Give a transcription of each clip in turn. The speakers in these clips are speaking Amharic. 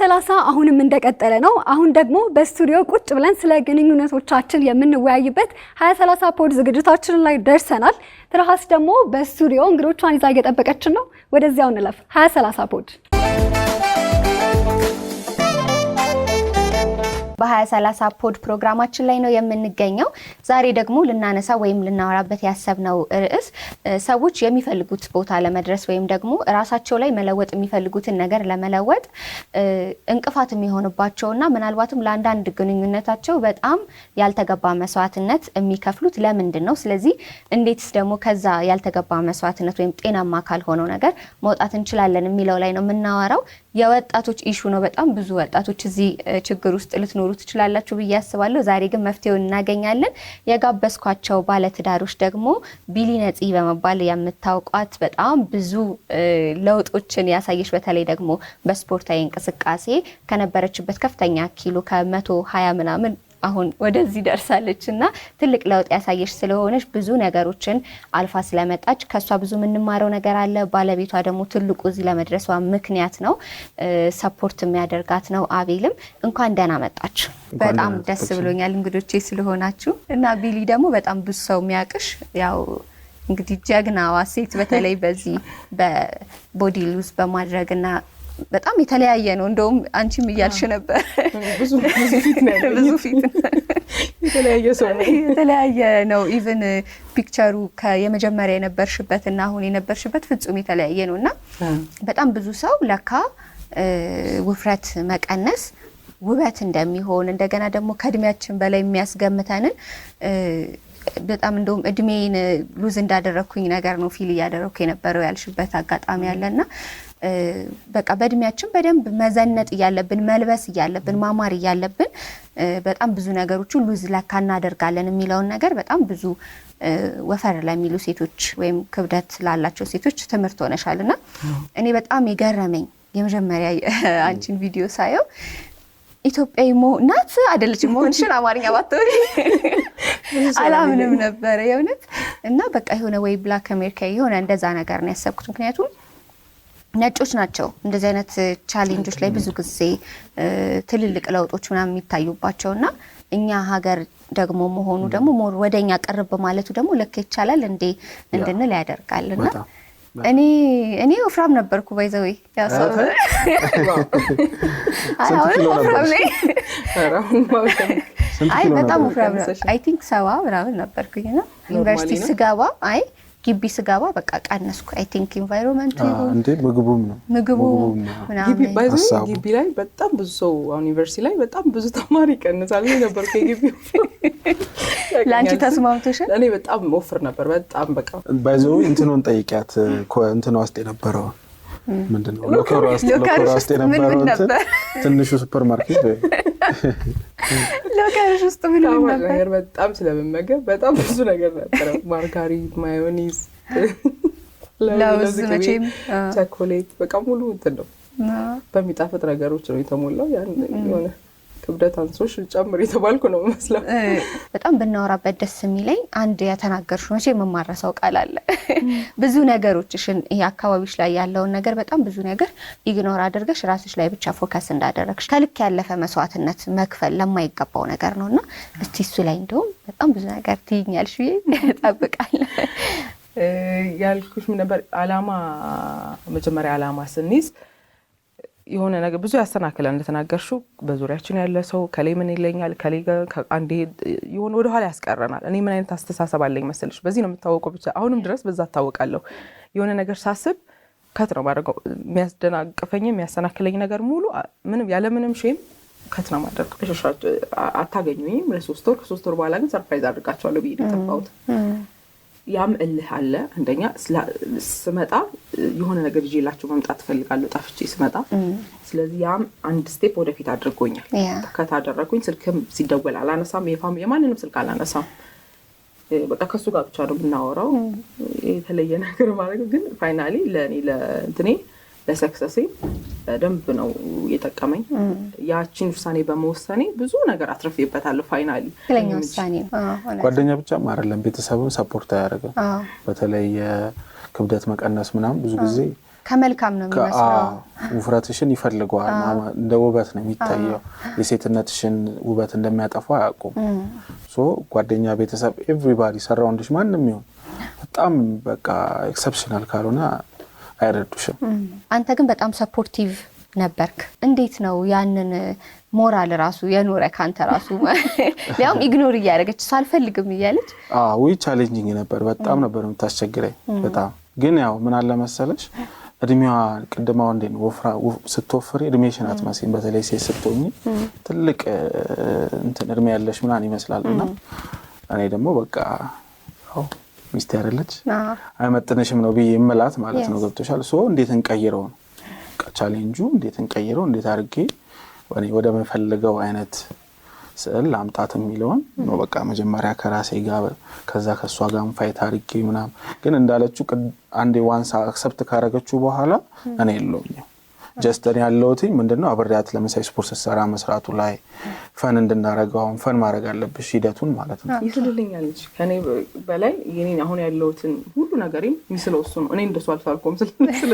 ሰላሳ አሁንም እንደቀጠለ ነው። አሁን ደግሞ በስቱዲዮ ቁጭ ብለን ስለ ግንኙነቶቻችን የምንወያይበት ሀያ ሰላሳ ፖድ ዝግጅታችን ላይ ደርሰናል። ትርሃስ ደግሞ በስቱዲዮ እንግዶቿን ይዛ እየጠበቀችን ነው። ወደዚያው እንለፍ። ሀያ ሰላሳ ፖድ በ2030 ፖድ ፕሮግራማችን ላይ ነው የምንገኘው። ዛሬ ደግሞ ልናነሳ ወይም ልናወራበት ያሰብነው ርዕስ ሰዎች የሚፈልጉት ቦታ ለመድረስ ወይም ደግሞ ራሳቸው ላይ መለወጥ የሚፈልጉትን ነገር ለመለወጥ እንቅፋት የሚሆንባቸውና ምናልባትም ለአንዳንድ ግንኙነታቸው በጣም ያልተገባ መስዋዕትነት የሚከፍሉት ለምንድን ነው? ስለዚህ እንዴትስ ደግሞ ከዛ ያልተገባ መስዋዕትነት ወይም ጤናማ ካልሆነው ነገር መውጣት እንችላለን የሚለው ላይ ነው የምናወራው። የወጣቶች ኢሹ ነው። በጣም ብዙ ወጣቶች እዚህ ችግር ውስጥ ልትኖሩ ትችላላችሁ ብዬ አስባለሁ። ዛሬ ግን መፍትሄውን እናገኛለን። የጋበዝኳቸው ባለትዳሮች ደግሞ ቢሊ ነፂ በመባል የምታውቋት በጣም ብዙ ለውጦችን ያሳየች በተለይ ደግሞ በስፖርታዊ እንቅስቃሴ ከነበረችበት ከፍተኛ ኪሎ ከመቶ ሀያ ምናምን አሁን ወደዚህ ደርሳለች እና ትልቅ ለውጥ ያሳየች ስለሆነች ብዙ ነገሮችን አልፋ ስለመጣች ከእሷ ብዙ የምንማረው ነገር አለ። ባለቤቷ ደግሞ ትልቁ እዚህ ለመድረሷ ምክንያት ነው፣ ሰፖርት የሚያደርጋት ነው። አቤልም እንኳን ደህና መጣች። በጣም ደስ ብሎኛል እንግዶቼ ስለሆናችሁ እና ቢሊ ደግሞ በጣም ብዙ ሰው የሚያውቅሽ ያው እንግዲህ ጀግናዋ ሴት በተለይ በዚህ በቦዲ ሉዝ በማድረግና በጣም የተለያየ ነው። እንደውም አንቺም እያልሽ ነበር ብዙ ፊት የተለያየ ነው። ኢቨን ፒክቸሩ የመጀመሪያ የነበርሽበት እና አሁን የነበርሽበት ፍጹም የተለያየ ነው እና በጣም ብዙ ሰው ለካ ውፍረት መቀነስ ውበት እንደሚሆን እንደገና ደግሞ ከእድሜያችን በላይ የሚያስገምተንን በጣም እንደውም እድሜን ሉዝ እንዳደረግኩኝ ነገር ነው ፊል እያደረግኩ የነበረው ያልሽበት አጋጣሚ አለ እና በቃ በእድሜያችን በደንብ መዘነጥ እያለብን መልበስ እያለብን ማማር እያለብን በጣም ብዙ ነገሮች ሉዝ ለካ እናደርጋለን የሚለውን ነገር በጣም ብዙ ወፈር ለሚሉ ሴቶች ወይም ክብደት ላላቸው ሴቶች ትምህርት ሆነሻል እና እኔ በጣም የገረመኝ የመጀመሪያ አንቺን ቪዲዮ ሳየው ኢትዮጵያዊ ናት አይደለች መሆንሽን አማርኛ ባትሆን አላምንም ነበረ የእውነት እና በቃ የሆነ ወይ ብላክ አሜሪካ የሆነ እንደዛ ነገር ነው ያሰብኩት ምክንያቱም ነጮች ናቸው እንደዚህ አይነት ቻሌንጆች ላይ ብዙ ጊዜ ትልልቅ ለውጦች ምናምን የሚታዩባቸው እና እኛ ሀገር ደግሞ መሆኑ ደግሞ ሞር ወደ እኛ ቀርብ በማለቱ ደግሞ ልክ ይቻላል እንዴ እንድንል ያደርጋል እና እኔ እኔ ወፍራም ነበርኩ ባይዘዌ አይ በጣም ወፍራም አይ ቲንክ ሰባ ምናምን ነበርኩኝ እና ዩኒቨርሲቲ ስገባ አይ ግቢ ስገባ በቃ ቀነስኩ። አይ ቲንክ ኢንቫይሮንመንቱ ምግቡም ነው ምግቡ ግቢ ላይ በጣም ብዙ ሰው አሁን ዩኒቨርሲቲ ላይ በጣም ብዙ ተማሪ ይቀንሳል ነበር። ከግቢ ለአንቺ ተስማምቶሻል? እኔ በጣም ወፍር ነበር። በጣም በቃ ባይዘ እንትኑን ጠይቂያት እንትኑ ውስጥ የነበረው ምንድን ነው ሎከር ውስጥ የነበረው ትንሹ ሱፐር ማርኬት ሎከርሽ ውስጥ ምን ነገር በጣም ስለመመገብ በጣም ብዙ ነገር ነበረ። ማርጋሪት፣ ማዮኒዝ፣ ለውዝ ቸኮሌት፣ በቃ ሙሉ እንትን ነው በሚጣፍጥ ነገሮች ነው የተሞላው ያን የሆነ ክብደት አንሶሽ ጨምር የተባልኩ ነው መስለው። በጣም ብናወራበት ደስ የሚለኝ አንድ የተናገርሽ መቼ የምማረሰው ቃል አለ። ብዙ ነገሮችሽን አካባቢሽ ላይ ያለውን ነገር በጣም ብዙ ነገር ኢግኖር አድርገሽ ራስሽ ላይ ብቻ ፎከስ እንዳደረግሽ ከልክ ያለፈ መስዋዕትነት መክፈል ለማይገባው ነገር ነው እና እስቲ እሱ ላይ እንዲሁም በጣም ብዙ ነገር ትይኛልሽ ብዬ እጠብቃለሁ። ያልኩሽ ነበር። አላማ መጀመሪያ አላማ ስንይዝ የሆነ ነገር ብዙ ያስተናክላል። እንደተናገርሹ በዙሪያችን ያለ ሰው ከሌ ምን ይለኛል ከሌ አንዴ የሆነ ወደኋላ ያስቀረናል። እኔ ምን አይነት አስተሳሰብ አለኝ መሰለሽ? በዚህ ነው የምታወቀው። ብቻ አሁንም ድረስ በዛ እታወቃለሁ። የሆነ ነገር ሳስብ ከት ነው ማድረገው። የሚያስደናቅፈኝ የሚያሰናክለኝ ነገር ሙሉ ምንም ያለምንም ሼም ከት ነው ማድረግ። አታገኙኝም ለሶስት ወር። ከሶስት ወር በኋላ ግን ሰርፕራይዝ አድርጋቸዋለሁ ብዬ ነው የጠባሁት። ያም እልህ አለ። አንደኛ ስመጣ የሆነ ነገር ይላቸው መምጣት እፈልጋለሁ ጠፍቼ ስመጣ። ስለዚህ ያም አንድ ስቴፕ ወደፊት አድርጎኛል። ከታደረጉኝ ስልክም ሲደወል አላነሳም፣ የማንንም ስልክ አላነሳም። በቃ ከሱ ጋር ብቻ ነው የምናወራው። የተለየ ነገር ማለት ግን ፋይናሊ ለእኔ ለእንትኔ ለሰክሰሴ በደንብ ነው የጠቀመኝ። ያቺን ውሳኔ በመወሰኔ ብዙ ነገር አትረፌበታለሁ። ፋይናሊ ጓደኛ ብቻም አይደለም ቤተሰብም ሰፖርት አያደርግም። በተለይ የክብደት መቀነስ ምናም ብዙ ጊዜ ከመልካም ነው የሚመስለው። ውፍረትሽን ይፈልገዋል። እንደ ውበት ነው የሚታየው። የሴትነትሽን ውበት እንደሚያጠፋ አያውቁም። ሶ ጓደኛ፣ ቤተሰብ፣ ኤቭሪባዲ ሰራውንድሽ ማንም ይሁን በጣም በቃ ኤክሰፕሽናል ካልሆነ አይረዱሽም። አንተ ግን በጣም ሰፖርቲቭ ነበርክ። እንዴት ነው ያንን ሞራል ራሱ የኖረ ከአንተ ራሱ ሊያውም ኢግኖር እያደረገች ሳልፈልግም እያለች ዊ ቻሌንጂንግ ነበር። በጣም ነበር የምታስቸግረኝ። በጣም ግን ያው ምን አለ መሰለሽ እድሜዋ ቅድማ ወንዴ ስትወፍሪ እድሜሽን አትመስይም። በተለይ ሴት ስትሆኝ ትልቅ እንትን እድሜ ያለሽ ምናምን ይመስላል እና እኔ ደግሞ በቃ ሚስቴ አይደለች አይመጥንሽም ነው ብዬ የምላት ማለት ነው። ገብቶሻል። ሶ እንዴት እንቀይረው ነው ቻሌንጁ። እንዴት እንቀይረው፣ እንዴት አድርጌ ወደ መፈልገው አይነት ስዕል ለአምጣት የሚለውን ነው። mm-hmm. በቃ መጀመሪያ ከራሴ ጋር ከዛ ከእሷ ጋር ፋይት አድርጌ ምናምን፣ ግን እንዳለችው አንዴ ዋንስ አክሰፕት ካረገችው በኋላ mm-hmm. እኔ የለውኛው ጀስተን ያለውትኝ ምንድነው አብሬያት ለምሳሌ ስፖርት ስትሰራ መስራቱ ላይ ፈን እንድናረገው አሁን ፈን ማድረግ አለብሽ ሂደቱን ማለት ነው። ይስልልኛለች ከኔ በላይ የኔን አሁን ያለውትን ሁሉ ነገሬም ሚስለው እሱ ነው። እኔ እንደሱ አልሳልኩም ስለ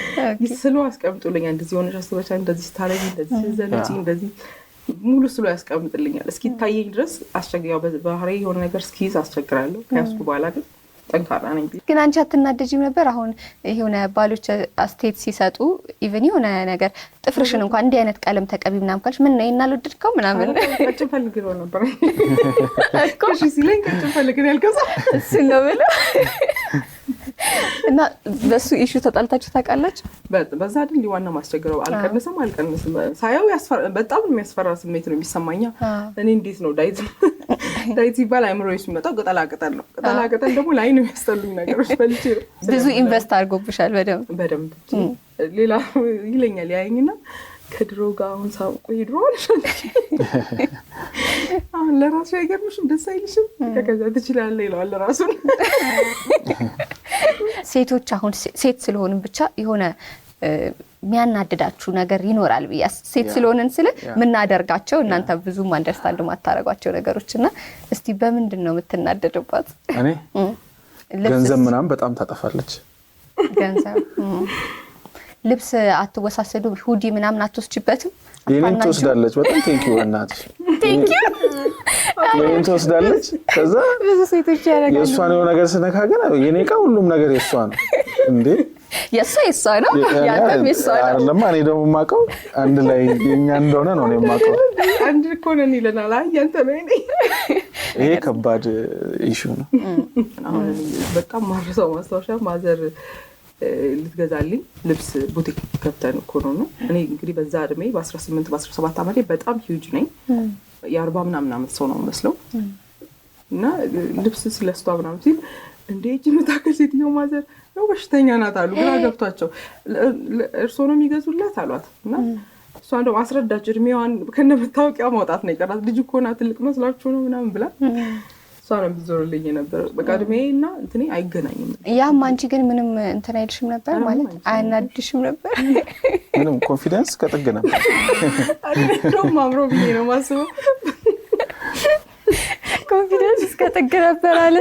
ይስለው አስቀምጡልኛ እንደዚህ ሆነሽ አስበሻ፣ እንደዚህ ስታረጊ፣ እንደዚህ ዘለጭ እንደዚህ ሙሉ ስሎ ያስቀምጥልኛል። እስኪታየኝ ድረስ አስቸግ ባህሪ የሆነ ነገር እስኪይዝ አስቸግራለሁ ከያስኩ በኋላ ግን ጠንካራ ነኝ። ግን አንቺ አትናደጂም ነበር? አሁን የሆነ ባሎች አስቴት ሲሰጡ ኢቨን የሆነ ነገር ጥፍርሽን እንኳን እንዲህ አይነት ቀለም ተቀቢ ምናምን ካልሽ ምን ነው ይናልወድድከው ምናምን ቀጭን ፈልግ ነው ነበር ሲለኝ ቀጭን ፈልግ ነው ያልከው እሱን ነው ብለው እና በሱ ኢሹ ተጣልታችሁ ታውቃላችሁ? በዛ አይደል ዋና ማስቸግረው አልቀንስም አልቀንስም ሳየው በጣም የሚያስፈራ ስሜት ነው የሚሰማኛ። እኔ እንዴት ነው ዳይት ዳይት ሲባል አይምሮ የሚመጣው ቅጠላቅጠል ነው። ቅጠላቅጠል ደግሞ ላይ ነው የሚያስጠሉኝ ነገሮች በልቼ ነው። ብዙ ኢንቨስት አድርጎብሻል። በደንብ በደንብ ሌላ ይለኛል ያየኝና ከድሮ ጋር አሁን ሳውቁ ድሮ አሁን ለራሱ አይገርምሽም? ደስ አይልሽም? ከዛ ትችላለ ይለዋል ራሱን። ሴቶች አሁን ሴት ስለሆንም ብቻ የሆነ የሚያናድዳችሁ ነገር ይኖራል ብዬ ሴት ስለሆንን ስለ የምናደርጋቸው እናንተ ብዙም አንደርስታንድ ማታረጓቸው ነገሮች እና እስቲ በምንድን ነው የምትናደድባት? እኔ ገንዘብ ምናምን በጣም ታጠፋለች ገንዘብ ልብስ አትወሳሰዱ፣ ሁዲ ምናምን አትወስጅበትም። የኔን ትወስዳለች። በጣም ቴንኪ እናትሽ የኔን ትወስዳለች። ከዛ የእሷን የሆነ ነገር ስነካ ግን የኔ እቃ ሁሉም ነገር የእሷ ነው እንዴ የእሷ የእሷ ነው ያንተም የእሷ ነው። ለማ እኔ ደግሞ የማውቀው አንድ ላይ የኛ እንደሆነ ነው የማውቀው። አንድ እኮ ነን ይለናል። ያንተ ነው የእኔ። ይሄ ከባድ ኢሹ ነው። አሁን በጣም ማረሳው ማስታወሻ ማዘር ልትገዛልኝ ልብስ ቡቲክ ከፍተን እኮ ነው እኔ እንግዲህ በዛ እድሜ በ18 በ17 ዓመቴ በጣም ሂውጅ ነኝ። የአርባ ምናምን ዓመት ሰው ነው መስለው እና ልብስ ስለስቷ ምናምን ሲል እንደ እጅ የምታክል ሴትዮ ማዘር ነው በሽተኛ ናት አሉ። ግራ ገብቷቸው እርስ ነው የሚገዙላት አሏት እና እሷ እንደውም አስረዳች። እድሜዋን ከነ መታወቂያ ማውጣት ነው የቀራት ልጅ እኮ ትልቅ መስላችሁ ነው ምናምን ብላ እሷ ነው የምትዞርልኝ የነበረ። በቃ እና እንትኔ አይገናኝም። ያም አንቺ ግን ምንም እንትን አይልሽም ነበር ማለት አያናድሽም ነበር? ምንም ኮንፊደንስ ከጥግ ነበር። አምሮ ብዬ ነው ማስበው። ኮንፊደንስ እስከ ጥግ ነበር አለ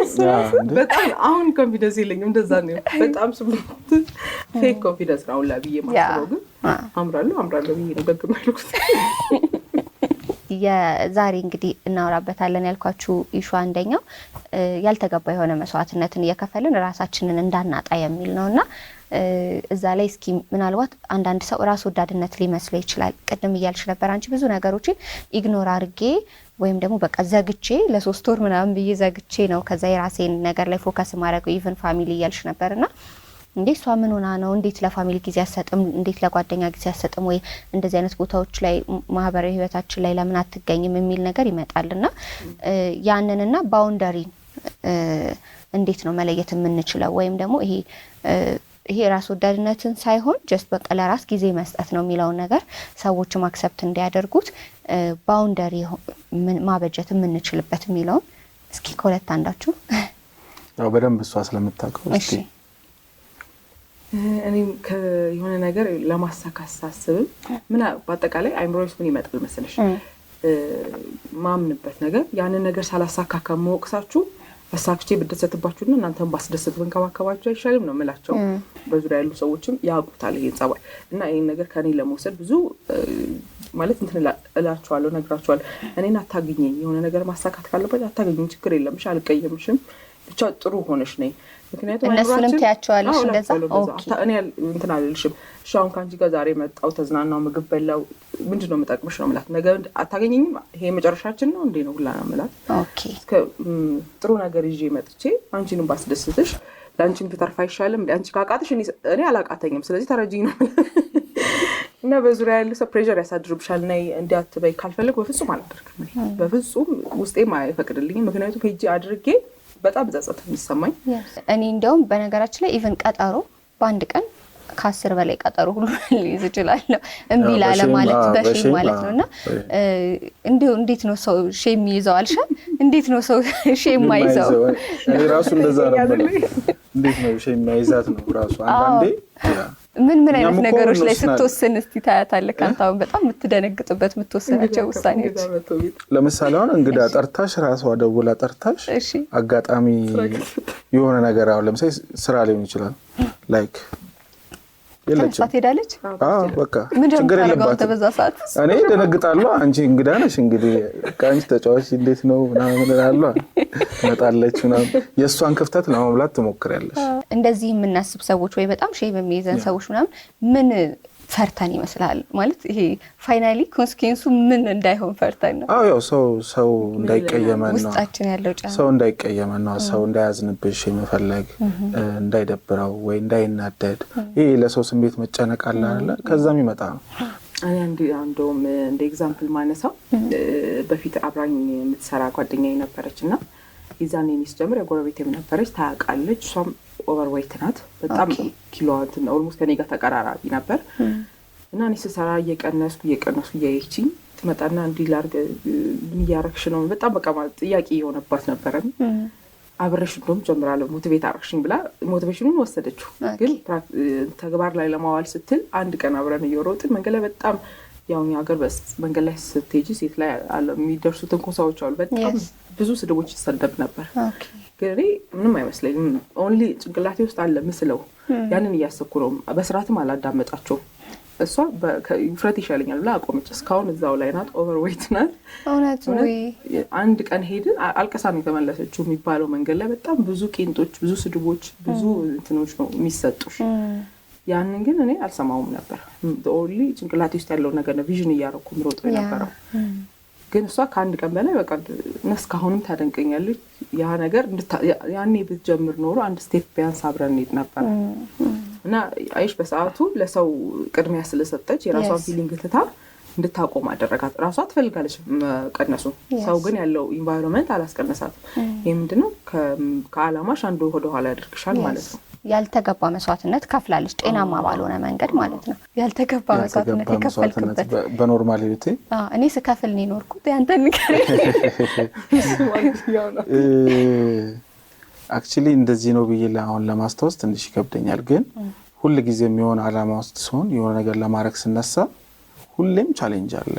በጣም አሁን ኮንፊደንስ የለኝም። እንደዛ ነው በጣም ፌክ ኮንፊደንስ ነው አሁን ላይ ብዬ ማስበው። ግን አምራለሁ አምራለሁ ብዬ ነው የዛሬ እንግዲህ እናወራበታለን ያልኳችሁ ኢሹ አንደኛው ያልተገባ የሆነ መስዋዕትነትን እየከፈልን ራሳችንን እንዳናጣ የሚል ነው እና እዛ ላይ እስኪ ምናልባት አንዳንድ ሰው ራስ ወዳድነት ሊመስለው ይችላል። ቅድም እያልሽ ነበር አንቺ ብዙ ነገሮችን ኢግኖር አድርጌ ወይም ደግሞ በቃ ዘግቼ ለሶስት ወር ምናምን ብዬ ዘግቼ ነው ከዛ የራሴን ነገር ላይ ፎከስ ማድረገው ኢቨን ፋሚሊ እያልሽ ነበር እና እንዴ እሷ ምን ሆና ነው? እንዴት ለፋሚሊ ጊዜ አሰጥም? እንዴት ለጓደኛ ጊዜ አሰጥም? ወይ እንደዚህ አይነት ቦታዎች ላይ ማህበራዊ ህይወታችን ላይ ለምን አትገኝም የሚል ነገር ና ያንንና ባውንደሪን እንዴት ነው መለየት የምንችለው? ወይም ደግሞ ይሄ ይሄ ራስ ወዳድነትን ሳይሆን ጀስት በቃ ለራስ ጊዜ መስጠት ነው የሚለውን ነገር ሰዎችም አክሰፕት እንዲያደርጉት ባውንደሪ ማበጀት የምንችልበት የሚለውን እስኪ ከሁለት አንዳችሁ በደንብ እሷ ስለምታውቀው እኔም የሆነ ነገር ለማሳካት ሳስብም ምን በአጠቃላይ አይምሮ ውስጥ ምን ይመጣል መሰለሽ ማምንበት ነገር ያንን ነገር ሳላሳካ ከመወቅሳችሁ አሳክቼ ብደሰትባችሁና እናንተን ባስደሰት ብንከባከባችሁ አይሻልም ነው ምላቸው በዙሪያ ያሉ ሰዎችም ያውቁታል ይህን ጸባይ እና ይህን ነገር ከእኔ ለመውሰድ ብዙ ማለት እንትን እላቸዋለሁ፣ ነግራቸዋለሁ። እኔን አታገኘኝ የሆነ ነገር ማሳካት ካለበት አታግኘኝ፣ ችግር የለምሽ፣ አልቀየምሽም ብቻ ጥሩ ሆነሽ ነኝ ምክንያቱም እነሱንም ትያቸዋለሽ እንደዛ እኔ እንትን አልልሽም። እሺ አሁን ከአንቺ ጋር ዛሬ መጣው ተዝናናው፣ ምግብ በላው፣ ምንድን ነው የምጠቅምሽ ነው ምላት። ነገ አታገኘኝም፣ ይሄ መጨረሻችን ነው እንዴ ነው ሁላ ነው ምላት። ጥሩ ነገር ይዤ መጥቼ አንቺንም ባስደስትሽ ለአንቺን ትተርፍ አይሻልም? አንቺ ካቃጥሽ እኔ አላቃተኝም፣ ስለዚህ ተረጅኝ ነው እና በዙሪያ ያለ ሰው ፕሬር ያሳድርብሻል። ና እንዲያትበይ ካልፈለግ በፍጹም አላደርግም፣ በፍጹም ውስጤም አይፈቅድልኝም። ምክንያቱም ሄጂ አድርጌ በጣም ጸጸት የሚሰማኝ እኔ እንዲያውም በነገራችን ላይ ኢቨን ቀጠሮ በአንድ ቀን ከአስር በላይ ቀጠሮ ሁሉ ልይዝ እችላለሁ። እምቢ ላለ ማለት በሼም ማለት ነው እና እንዲሁ እንዴት ነው ሰው ሼም ይዘው አልሻም፣ እንዴት ነው ሰው ሼም ማይዘው? ራሱ እንደዛ ነው። እንዴት ነው ሼም ማይዛት ነው ራሱ አንዳንዴ ምን ምን አይነት ነገሮች ላይ ስትወስን እስቲ ታያታለህ? ከአንተ አሁን በጣም የምትደነግጥበት የምትወስናቸው ውሳኔዎች ለምሳሌ አሁን እንግዳ ጠርታሽ ራሷ ደውላ ጠርታሽ አጋጣሚ የሆነ ነገር አሁን ለምሳሌ ስራ ሊሆን ይችላል ላይክ ችግር የለባትም። እኔ ደነግጣለሁ። አንቺ እንግዳ ነሽ እንግዲህ ከአንቺ ተጫዋች እንዴት ነው ምናምን እላለሁ። ትመጣለች ምናምን የእሷን ክፍተት ለመሙላት ትሞክሪያለሽ። እንደዚህ የምናስብ ሰዎች ወይ በጣም ሼም የሚይዘን ሰዎች ምናምን ምን ፈርተን ይመስላል ማለት ይሄ ፋይናሊ ኮንስኪንሱ ምን እንዳይሆን ፈርተን ነው። አዎ ያው ሰው ሰው እንዳይቀየመን ነው ውስጣችን ያለው ጫና ሰው እንዳይቀየመን ነው። ሰው እንዳያዝንብሽ የመፈለግ እንዳይደብረው ወይ እንዳይናደድ፣ ይሄ ለሰው ስሜት መጨነቅ አለ አለ ከዛም ይመጣ ነው። እንደውም እንደ ኤግዛምፕል ማነሳው በፊት አብራኝ የምትሰራ ጓደኛ ነበረች እና የዛኔ ሚስጀምር የጎረቤቴም ነበረች ታውቃለች እሷም ኦቨርዌይት ናት። በጣም ኪሎዋ ኦልሞስት ከኔ ጋር ተቀራራቢ ነበር እና እኔ ስሰራ እየቀነስኩ እየቀነስኩ እያየችኝ ትመጣና እንዲህ ላርገ እያረክሽ ነው? በጣም በቃ ማለት ጥያቄ የሆነባት ነበረን አብረሽ እንደውም ጀምራለ ሞቲቬት አረክሽኝ ብላ ሞቲቬሽኑን ወሰደችው። ግን ተግባር ላይ ለማዋል ስትል አንድ ቀን አብረን እየሮጥን መንገድ ላይ በጣም ያው ሀገር መንገድ ላይ ስትሄጂ ሴት ላይ የሚደርሱትን ኮሳዎች አሉ። በጣም ብዙ ስድቦች ይሰደብ ነበር። ግን ምንም አይመስለኝም። ኦንሊ ጭንቅላቴ ውስጥ አለ ምስለው ያንን እያሰብኩ ነው። በስርዓትም አላዳመጣቸውም። እሷ ውፍረት ይሻለኛል ብላ አቆመች። እስካሁን እዛው ላይ ናት። ኦቨርዌይት ናት። እውነት አንድ ቀን ሄድን አልቀሳ ነው የተመለሰችው የሚባለው መንገድ ላይ በጣም ብዙ ቄንጦች፣ ብዙ ስድቦች፣ ብዙ እንትኖች ነው የሚሰጡ ያንን ግን እኔ አልሰማውም ነበር። ኦንሊ ጭንቅላቴ ውስጥ ያለው ነገር ነው ቪዥን እያረኩ ምሮጦ የነበረው ግን እሷ ከአንድ ቀን በላይ በቃ እስካሁንም ታደንቀኛለች። ያ ነገር ያኔ ብትጀምር ኖሮ አንድ ስቴፕ ቢያንስ አብረን እንሄድ ነበር እና አይሽ በሰዓቱ ለሰው ቅድሚያ ስለሰጠች የራሷን ፊሊንግ ትታ እንድታቆም አደረጋት። ራሷ ትፈልጋለች መቀነሱ፣ ሰው ግን ያለው ኢንቫይሮንመንት አላስቀነሳትም። ይህ ምንድነው? ከአላማሽ አንዱ ወደኋላ ያደርግሻል ማለት ነው። ያልተገባ መስዋዕትነት ከፍላለች። ጤናማ ባልሆነ መንገድ ማለት ነው። ያልተገባ መስዋዕትነት የከፈልክበት በኖርማል ህይወቴ እኔ ስከፍል ነው የኖርኩት። ንገር። አክቹሊ እንደዚህ ነው ብዬ አሁን ለማስታወስ ትንሽ ይከብደኛል፣ ግን ሁል ጊዜ የሆነ አላማ ውስጥ ሲሆን የሆነ ነገር ለማድረግ ስነሳ ሁሌም ቻሌንጅ አለ።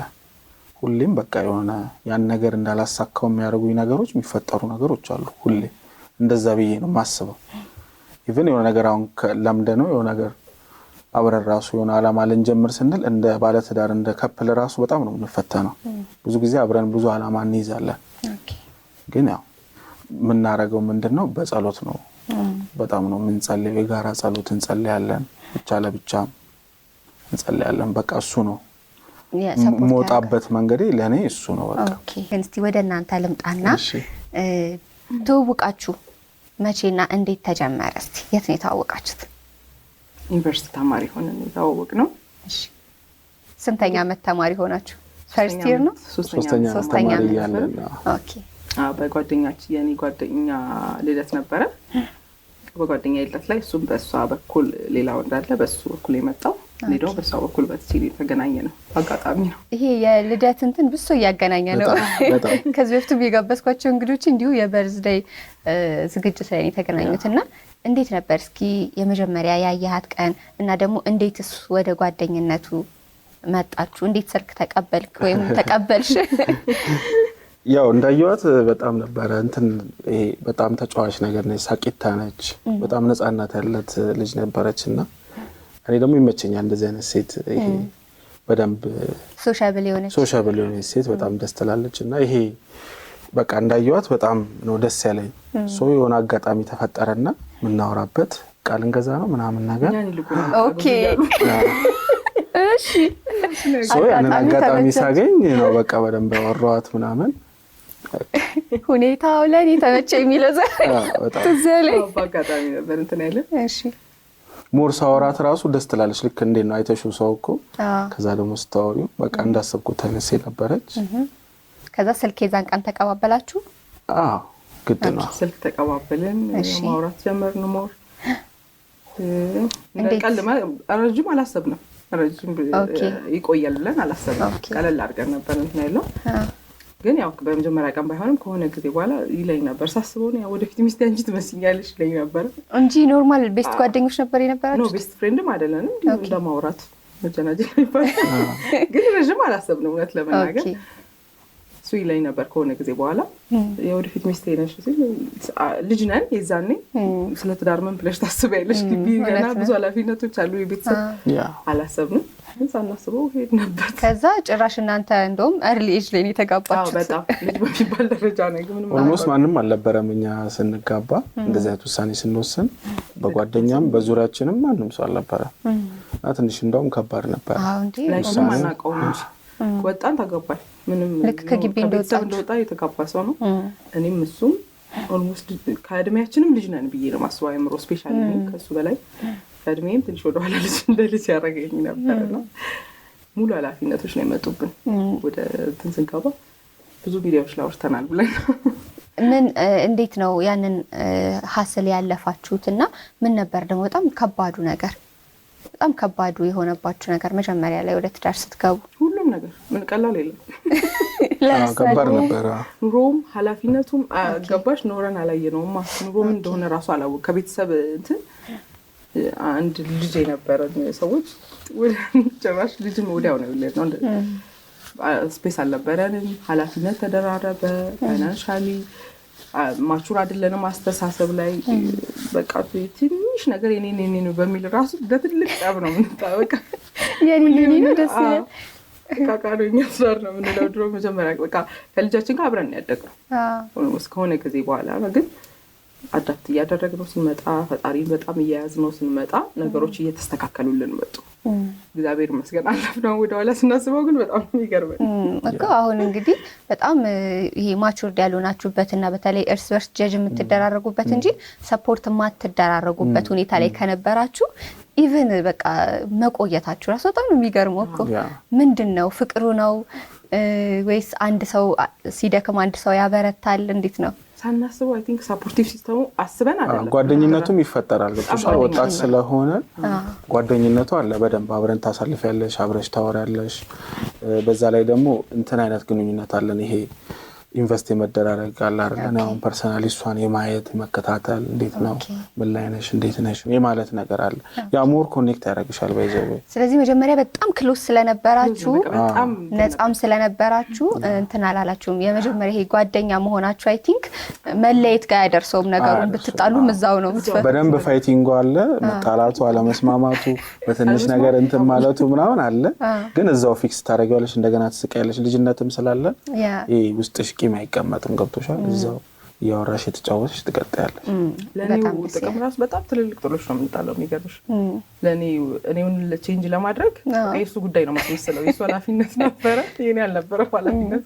ሁሌም በቃ የሆነ ያን ነገር እንዳላሳካው የሚያደርጉኝ ነገሮች፣ የሚፈጠሩ ነገሮች አሉ። ሁሌ እንደዛ ብዬ ነው የማስበው። ኢቨን የሆነ ነገር አሁን ለምደ ነው የሆነ ነገር አብረን ራሱ የሆነ አላማ ልንጀምር ስንል እንደ ባለትዳር እንደ ከፕል ራሱ በጣም ነው የምንፈተነው። ብዙ ጊዜ አብረን ብዙ አላማ እንይዛለን፣ ግን ያው የምናረገው ምንድን ነው በጸሎት ነው። በጣም ነው የምንጸልየው። የጋራ ጸሎት እንጸልያለን፣ ብቻ ለብቻ እንጸልያለን። በቃ እሱ ነው የምወጣበት መንገዴ ለእኔ እሱ ነው። በቃ ወደ እናንተ ልምጣና ትውውቃችሁ መቼና እንዴት ተጀመረ? እስቲ የት ነው የተዋወቃችሁት? ዩኒቨርሲቲ ተማሪ ሆነን የተዋወቅ ነው። ስንተኛ ዓመት ተማሪ ሆናችሁ? ፈርስት ይር ነው? ሶስተኛ ዓመት። በጓደኛችን የኔ ጓደኛ ልደት ነበረ። በጓደኛ ልደት ላይ እሱም በእሷ በኩል ሌላው እንዳለ በሱ በኩል የመጣው እኔ ደግሞ በእሷ በኩል በትሲል የተገናኘ ነው። አጋጣሚ ነው ይሄ የልደት እንትን ብሶ እያገናኘ ነው። ከዚህ በፊቱም የጋበዝኳቸው እንግዶች እንዲሁ የበርዝደይ ዝግጅት ላይ የተገናኙት እና እንዴት ነበር እስኪ የመጀመሪያ ያየሃት ቀን እና ደግሞ እንዴትስ ወደ ጓደኝነቱ መጣችሁ? እንዴት ሰርክ ተቀበልክ ወይም ተቀበልሽ? ያው እንዳየዋት በጣም ነበረ እንትን ይሄ በጣም ተጫዋች ነገር ነች፣ ሳቂታ ነች፣ በጣም ነፃነት ያለት ልጅ ነበረች እና እኔ ደግሞ ይመቸኛል እንደዚህ አይነት ሴት ይሄ በደንብ ሶሻብል የሆነች ሴት በጣም ደስ ትላለች እና ይሄ በቃ እንዳየዋት በጣም ነው ደስ ያለኝ። ሶ የሆነ አጋጣሚ ተፈጠረና የምናወራበት ቃል እንገዛ ነው ምናምን ነገር ያንን አጋጣሚ ሳገኝ ነው በቃ በደንብ ያወራኋት ምናምን ሁኔታው ላይ ተመቸ የሚለው ሞር ሳወራት ራሱ ደስ ትላለች። ልክ እንዴት ነው አይተሽው ሰው እኮ ከዛ ደግሞ ስታወሪው በቃ እንዳሰብኩ ተነሴ ነበረች። ከዛ ስልክ የዛን ቀን ተቀባበላችሁ? አዎ ግድ ነው። ስልክ ተቀባበልን፣ ማውራት ጀመርን። ሞር ረጅም አላሰብንም፣ ረጅም ይቆያል ብለን አላሰብንም። ቀለል አድርገን ነበር እንትን ያለው ግን ያው በመጀመሪያ ቀን ባይሆንም ከሆነ ጊዜ በኋላ ይለኝ ነበር። ሳስበው ወደፊት ሚስቴ አንቺ ትመስኛለሽ ይለኝ ነበር እንጂ ኖርማል ቤስት ጓደኞች ነበር የነበራችሁ? ቤስት ፍሬንድም አይደለንም፣ እንዲሁ እንደማውራት መጀናጀል ይባላል። ግን ረዥም አላሰብንም እውነት ለመናገር እሱ ይለኝ ነበር ከሆነ ጊዜ በኋላ የወደፊት ሚስቴ ነሽ ሲል ልጅ ነን የዛኔ ስለ ትዳር ምን ብለሽ ታስቢያለሽ? ግቢ ገና ብዙ ሀላፊነቶች አሉ። የቤተሰብ አላሰብንም ሳናስበው ሄድ ነበር። ከዛ ጭራሽ እናንተ እንደውም እርሊ ኤጅ ላይ የተጋባችሁ በጣም ልጅ በሚባል ደረጃ ነው። ኦልሞስት ማንም አልነበረም እኛ ስንጋባ እንደዚህ አይነት ውሳኔ ስንወስን፣ በጓደኛም በዙሪያችንም ማንም ሰው አልነበረም። ትንሽ እንደውም ከባድ ነበር። ወጣን ተገባል ምንም ልክ ከግቢ እንደወጣ የተጋባ ሰው ነው። እኔም እሱም ኦልሞስት ከእድሜያችንም ልጅ ነን ብዬ ነው ማስበው። አእምሮ ስፔሻ ከሱ በላይ ከእድሜም ትንሽ ወደኋላ ልጅ እንደ ልጅ ያደረገኝ ነበር ና ሙሉ ኃላፊነቶች ነው የመጡብን። ወደ እንትን ስንገባ ብዙ ሚዲያዎች ላውርተናል ብለን ምን እንዴት ነው ያንን ሀስል ያለፋችሁት እና ምን ነበር ደግሞ በጣም ከባዱ ነገር በጣም ከባዱ የሆነባችሁ ነገር መጀመሪያ ላይ ወደ ትዳር ስትገቡ? ምን ቀላል የለም። ከባድ ነበረ። ኑሮም ኃላፊነቱም ገባሽ ኖረን አላየነውማ። ኑሮም እንደሆነ ራሱ አላወ ከቤተሰብ እንትን አንድ ልጅ የነበረ ሰዎች ጭራሽ ልጅን ወዲያው ነው የወለድነው። ስፔስ አልነበረንም። ኃላፊነት ተደራረበ። ፋይናንሻሊ ማቹር አይደለንም አስተሳሰብ ላይ በቃ ትንሽ ነገር የኔ በሚል ራሱ በትልቅ ጠብ ነው ምንጣበቃ ቃቃ ነው ነው የምንለው። ድሮ መጀመሪያ በቃ ከልጃችን ጋር አብረን ነው እስከሆነ ጊዜ በኋላ ግን አዳፕት ነው ስንመጣ ፈጣሪ በጣም ነው ስንመጣ ነገሮች እየተስተካከሉልን መጡ። እግዚአብሔር ይመስገን። ነው ወደኋላ ስናስበው ግን በጣም የሚገርመን እ አሁን እንግዲህ በጣም ይሄ ማቹርድ ያልሆናችሁበት እና በተለይ እርስ በርስ ጀጅ የምትደራረጉበት እንጂ ሰፖርት የማትደራረጉበት ሁኔታ ላይ ከነበራችሁ ኢቨን በቃ መቆየታችሁ ራሱ በጣም የሚገርመው እኮ ምንድን ነው ፍቅሩ ነው ወይስ አንድ ሰው ሲደክም አንድ ሰው ያበረታል? እንዴት ነው ሳናስበው? አይ ቲንክ ሳፖርቲቭ ሲስተሙ አስበን አይደለም ጓደኝነቱም ይፈጠራል። ወጣት ስለሆነ ጓደኝነቱ አለ በደንብ አብረን ታሳልፊያለሽ፣ አብረሽ ታወሪያለሽ። በዛ ላይ ደግሞ እንትን አይነት ግንኙነት አለን ይሄ ኢንቨስት የመደራረግ አለ አይደል? አሁን ፐርሰናሊ እሷን የማየት የመከታተል እንዴት ነው ምን ላይ ነሽ እንዴት ነሽ የማለት ነገር አለ። ያ ሞር ኮኔክት ያደርግሻል ባይ ስለዚህ መጀመሪያ በጣም ክሎስ ስለነበራችሁ ነፃም ስለነበራችሁ እንትን አላላችሁም። የመጀመሪያ ይሄ ጓደኛ መሆናችሁ አይ ቲንክ መለየት ጋር ያደርሰውም ነገሩን። ብትጣሉም እዛው ነው ምትፈ በደንብ ፋይቲንጉ አለ፣ መጣላቱ፣ አለመስማማቱ፣ በትንሽ ነገር እንትን ማለቱ ምናምን አለ። ግን እዛው ፊክስ ታደርጊዋለሽ፣ እንደገና ትስቃያለሽ። ልጅነትም ስላለ ውስጥሽ ቲም አይቀመጥም። ገብቶሻል። እዛው የወራሽ የተጫወተሽ ትቀጥያለሽ። ለእኔ ጥቅም ራሱ በጣም ትልልቅ ጥሎች ነው የምንጣለው። የሚገርምሽ ለእኔ እኔውን ቼንጅ ለማድረግ የእሱ ጉዳይ ነው ማስመስለው። የእሱ ኃላፊነት ነበረ የእኔ አልነበረ ኃላፊነት።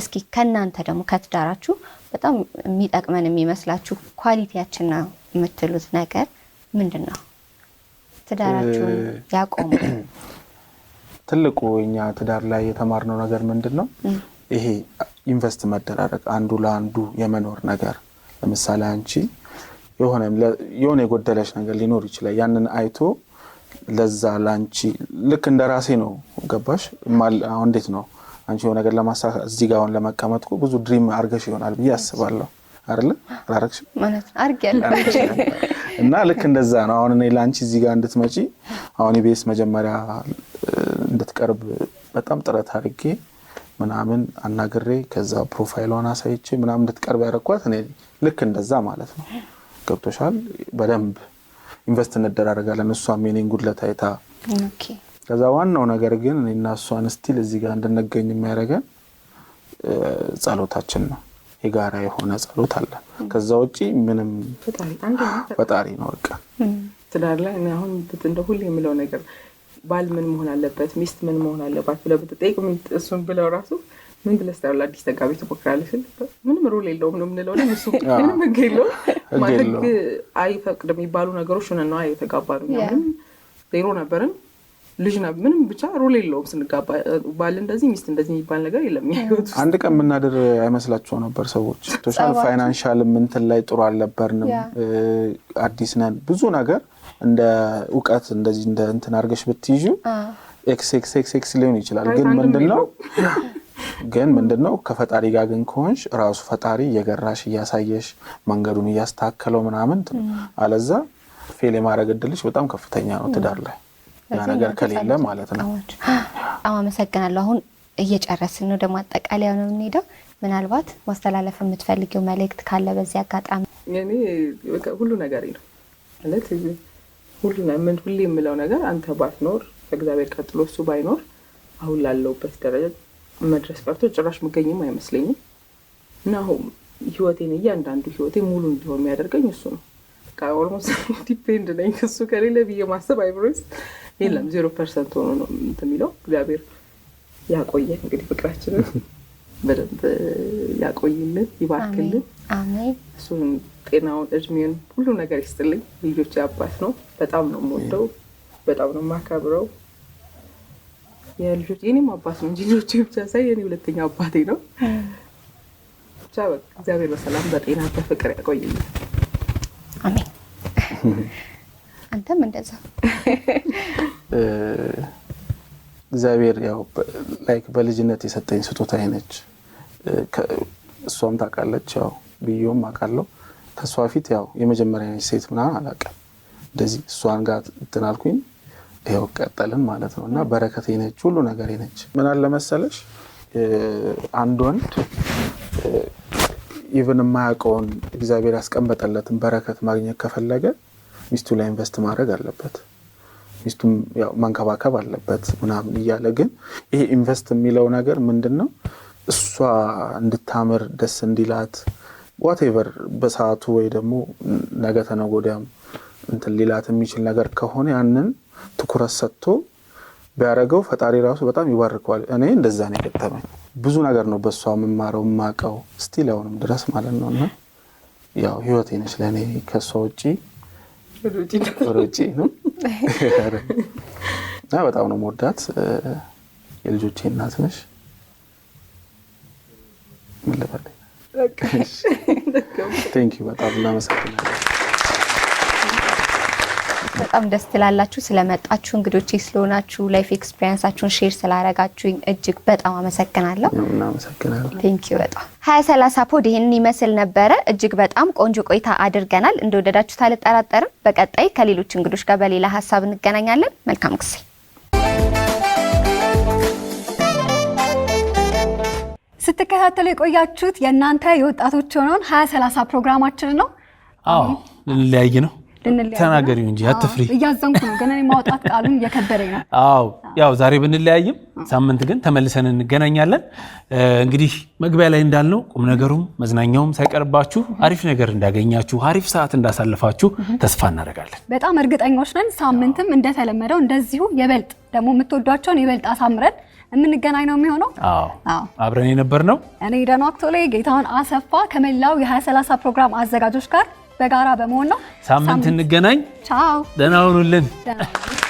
እስኪ ከእናንተ ደግሞ ከትዳራችሁ በጣም የሚጠቅመን የሚመስላችሁ ኳሊቲያችን ነው የምትሉት ነገር ምንድን ነው? ትዳራችሁን ያቆሙ ትልቁ እኛ ትዳር ላይ የተማርነው ነገር ምንድን ነው? ይሄ ኢንቨስት መደራረግ አንዱ ለአንዱ የመኖር ነገር ለምሳሌ አንቺ የሆነ የጎደለች ነገር ሊኖር ይችላል። ያንን አይቶ ለዛ ለአንቺ ልክ እንደ ራሴ ነው። ገባሽ? እንዴት ነው አንቺ የሆነ ነገር ለማሳ እዚህ ጋር አሁን ለመቀመጥኩ ብዙ ድሪም አርገሽ ይሆናል ብዬ አስባለሁ። አለ አላረግሽም? እና ልክ እንደዛ ነው። አሁን እኔ ለአንቺ እዚህ ጋር እንድትመጪ አሁን ኢቢኤስ መጀመሪያ እንድትቀርብ በጣም ጥረት አድርጌ ምናምን አናግሬ ከዛ ፕሮፋይሏን አሳይቼ ምናምን እንድትቀርብ ያደረኳት እኔ ልክ እንደዛ ማለት ነው። ገብቶሻል። በደንብ ኢንቨስት እንደራረጋለን። እሷም የኔን ጉድለት አይታ ከዛ ዋናው ነገር ግን እኔና እሷን ስቲል እዚህ ጋር እንድንገኝ የሚያደርገን ጸሎታችን ነው። የጋራ የሆነ ጸሎት አለ። ከዛ ውጭ ምንም ፈጣሪ ነው። በቃ ትዳር ላይ አሁን እንደ ሁሌ የምለው ነገር ባል ምን መሆን አለበት፣ ሚስት ምን መሆን አለባት ብለህ ብትጠይቅ እሱን ብለው ራሱ ምን ብለህ ስታለ አዲስ ተጋቢ ትሞክራለች። ምንም ሩል የለውም ነው የምንለው። ምንም ህግ የለውም። ህግ አይፈቅድም የሚባሉ ነገሮች ሆነ ነው የተጋባ ነው። ምንም ዜሮ ነበርን ልጅ ምንም ብቻ ሩል የለውም ስንጋባ፣ ባል እንደዚህ ሚስት እንደዚህ የሚባል ነገር የለም። አንድ ቀን የምናድር አይመስላቸው ነበር ሰዎች። ሶሻል ፋይናንሻል ምንትን ላይ ጥሩ አልነበርንም፣ አዲስ ነን ብዙ ነገር እንደ እውቀት እንደዚህ እንደ እንትን አድርገሽ ብትይዙ ኤክስ ኤክስ ኤክስ ኤክስ ሊሆን ይችላል። ግን ምንድን ነው ግን ምንድን ነው ከፈጣሪ ጋር ግን ከሆንሽ ራሱ ፈጣሪ እየገራሽ እያሳየሽ መንገዱን እያስተካከለው ምናምን አለዛ ፌል የማድረግ እድልሽ በጣም ከፍተኛ ነው ትዳር ላይ ያ ነገር ከሌለ ማለት ነው። በጣም አመሰግናለሁ። አሁን እየጨረስን ነው፣ ደግሞ አጠቃላይ ነው የምንሄደው። ምናልባት ማስተላለፍ የምትፈልጊው መልእክት ካለ በዚህ አጋጣሚ እኔ ሁሉ ነገር ነው ማለት ሁሉ ምን ሁሌ የምለው ነገር አንተ ባትኖር ከእግዚአብሔር ቀጥሎ እሱ ባይኖር አሁን ላለውበት ደረጃ መድረስ ቀርቶ ጭራሽ ምገኝም አይመስለኝም እና አሁን ህይወቴን እያንዳንዱ ህይወቴ ሙሉ እንዲሆን የሚያደርገኝ እሱ ነው። ኦልሞስት ዲፔንድ ነኝ እሱ ከሌለ ብዬ ማሰብ አይብሮስ የለም ዜሮ ፐርሰንት ሆኖ ነው የሚለው እግዚአብሔር ያቆየ እንግዲህ ፍቅራችንን በደንብ ያቆይልን፣ ይባርክልን። እሱን ጤናውን፣ እድሜውን፣ ሁሉ ነገር ይስጥልኝ። ልጆች አባት ነው። በጣም ነው የምወደው፣ በጣም ነው የማከብረው። የልጆች የኔም አባት ነው እንጂ ልጆች ብቻ ሳይ የኔ ሁለተኛ አባቴ ነው። ብቻ እግዚአብሔር በሰላም በጤና በፍቅር ያቆይልን። አሜን። አንተም እንደዛ እግዚአብሔር ያው ላይክ በልጅነት የሰጠኝ ስጦታ ነች። እሷም ታውቃለች፣ ያው ብዮም አውቃለሁ። ከእሷ ፊት ያው የመጀመሪያ ሴት ምናምን አላውቅም። እንደዚህ እሷን ጋር ትናልኩኝ አልኩኝ፣ ይኸው ቀጠልን ማለት ነው። እና በረከት ነች፣ ሁሉ ነገር ነች። ምን አለ መሰለሽ አንድ ወንድ ኢቨን የማያውቀውን እግዚአብሔር ያስቀመጠለትን በረከት ማግኘት ከፈለገ ሚስቱ ላይ ኢንቨስት ማድረግ አለበት፣ ሚስቱም ያው መንከባከብ አለበት ምናምን እያለ ግን ይሄ ኢንቨስት የሚለው ነገር ምንድን ነው? እሷ እንድታምር ደስ እንዲላት ዋቴቨር በሰዓቱ ወይ ደግሞ ነገ ተነጎዳም እንትን ሊላት የሚችል ነገር ከሆነ ያንን ትኩረት ሰጥቶ ቢያደረገው ፈጣሪ ራሱ በጣም ይባርከዋል። እኔ እንደዛ ነው የገጠመኝ። ብዙ ነገር ነው በእሷ የምማረው የማቀው ስቲል አሁንም ድረስ ማለት ነው። እና ያው ህይወቴ ነች ለእኔ ከእሷ ውጭ ነው በጣም ነው መወዳት። የልጆቼ እናት በጣም እናመሰግናለን። በጣም ደስ ትላላችሁ ስለመጣችሁ እንግዶች ስለሆናችሁ ላይፍ ኤክስፔሪንሳችሁን ሼር ስላረጋችሁኝ እጅግ በጣም አመሰግናለሁ። ቴንኪው በጣም ሀያ ሰላሳ ፖድ ይህንን ይመስል ነበረ። እጅግ በጣም ቆንጆ ቆይታ አድርገናል። እንደወደዳችሁት አልጠራጠርም። በቀጣይ ከሌሎች እንግዶች ጋር በሌላ ሀሳብ እንገናኛለን። መልካም ጊዜ ስትከታተሉ የቆያችሁት የእናንተ የወጣቶች የሆነውን ሀያ ሰላሳ ፕሮግራማችን ነው። አዎ ልንለያይ ነው። ተናገሪ እንጂ አትፍሪ። እያዘንኩ ነው፣ ግን ማውጣት ቃሉን እየከበደኝ ነው። አዎ ያው ዛሬ ብንለያይም ሳምንት ግን ተመልሰን እንገናኛለን። እንግዲህ መግቢያ ላይ እንዳልነው ቁም ነገሩም መዝናኛውም ሳይቀርባችሁ አሪፍ ነገር እንዳገኛችሁ፣ አሪፍ ሰዓት እንዳሳልፋችሁ ተስፋ እናደርጋለን። በጣም እርግጠኞች ነን። ሳምንትም እንደተለመደው እንደዚሁ የበልጥ ደግሞ የምትወዷቸውን የበልጥ አሳምረን የምንገናኝ ነው የሚሆነው። አብረን የነበር ነው። እኔ ደህና አክቶሌ ጌታሁን አሰፋ ከመላው የ2030 ፕሮግራም አዘጋጆች ጋር በጋራ በመሆን ነው። ሳምንት እንገናኝ። ቻው፣ ደህና ሁኑልን።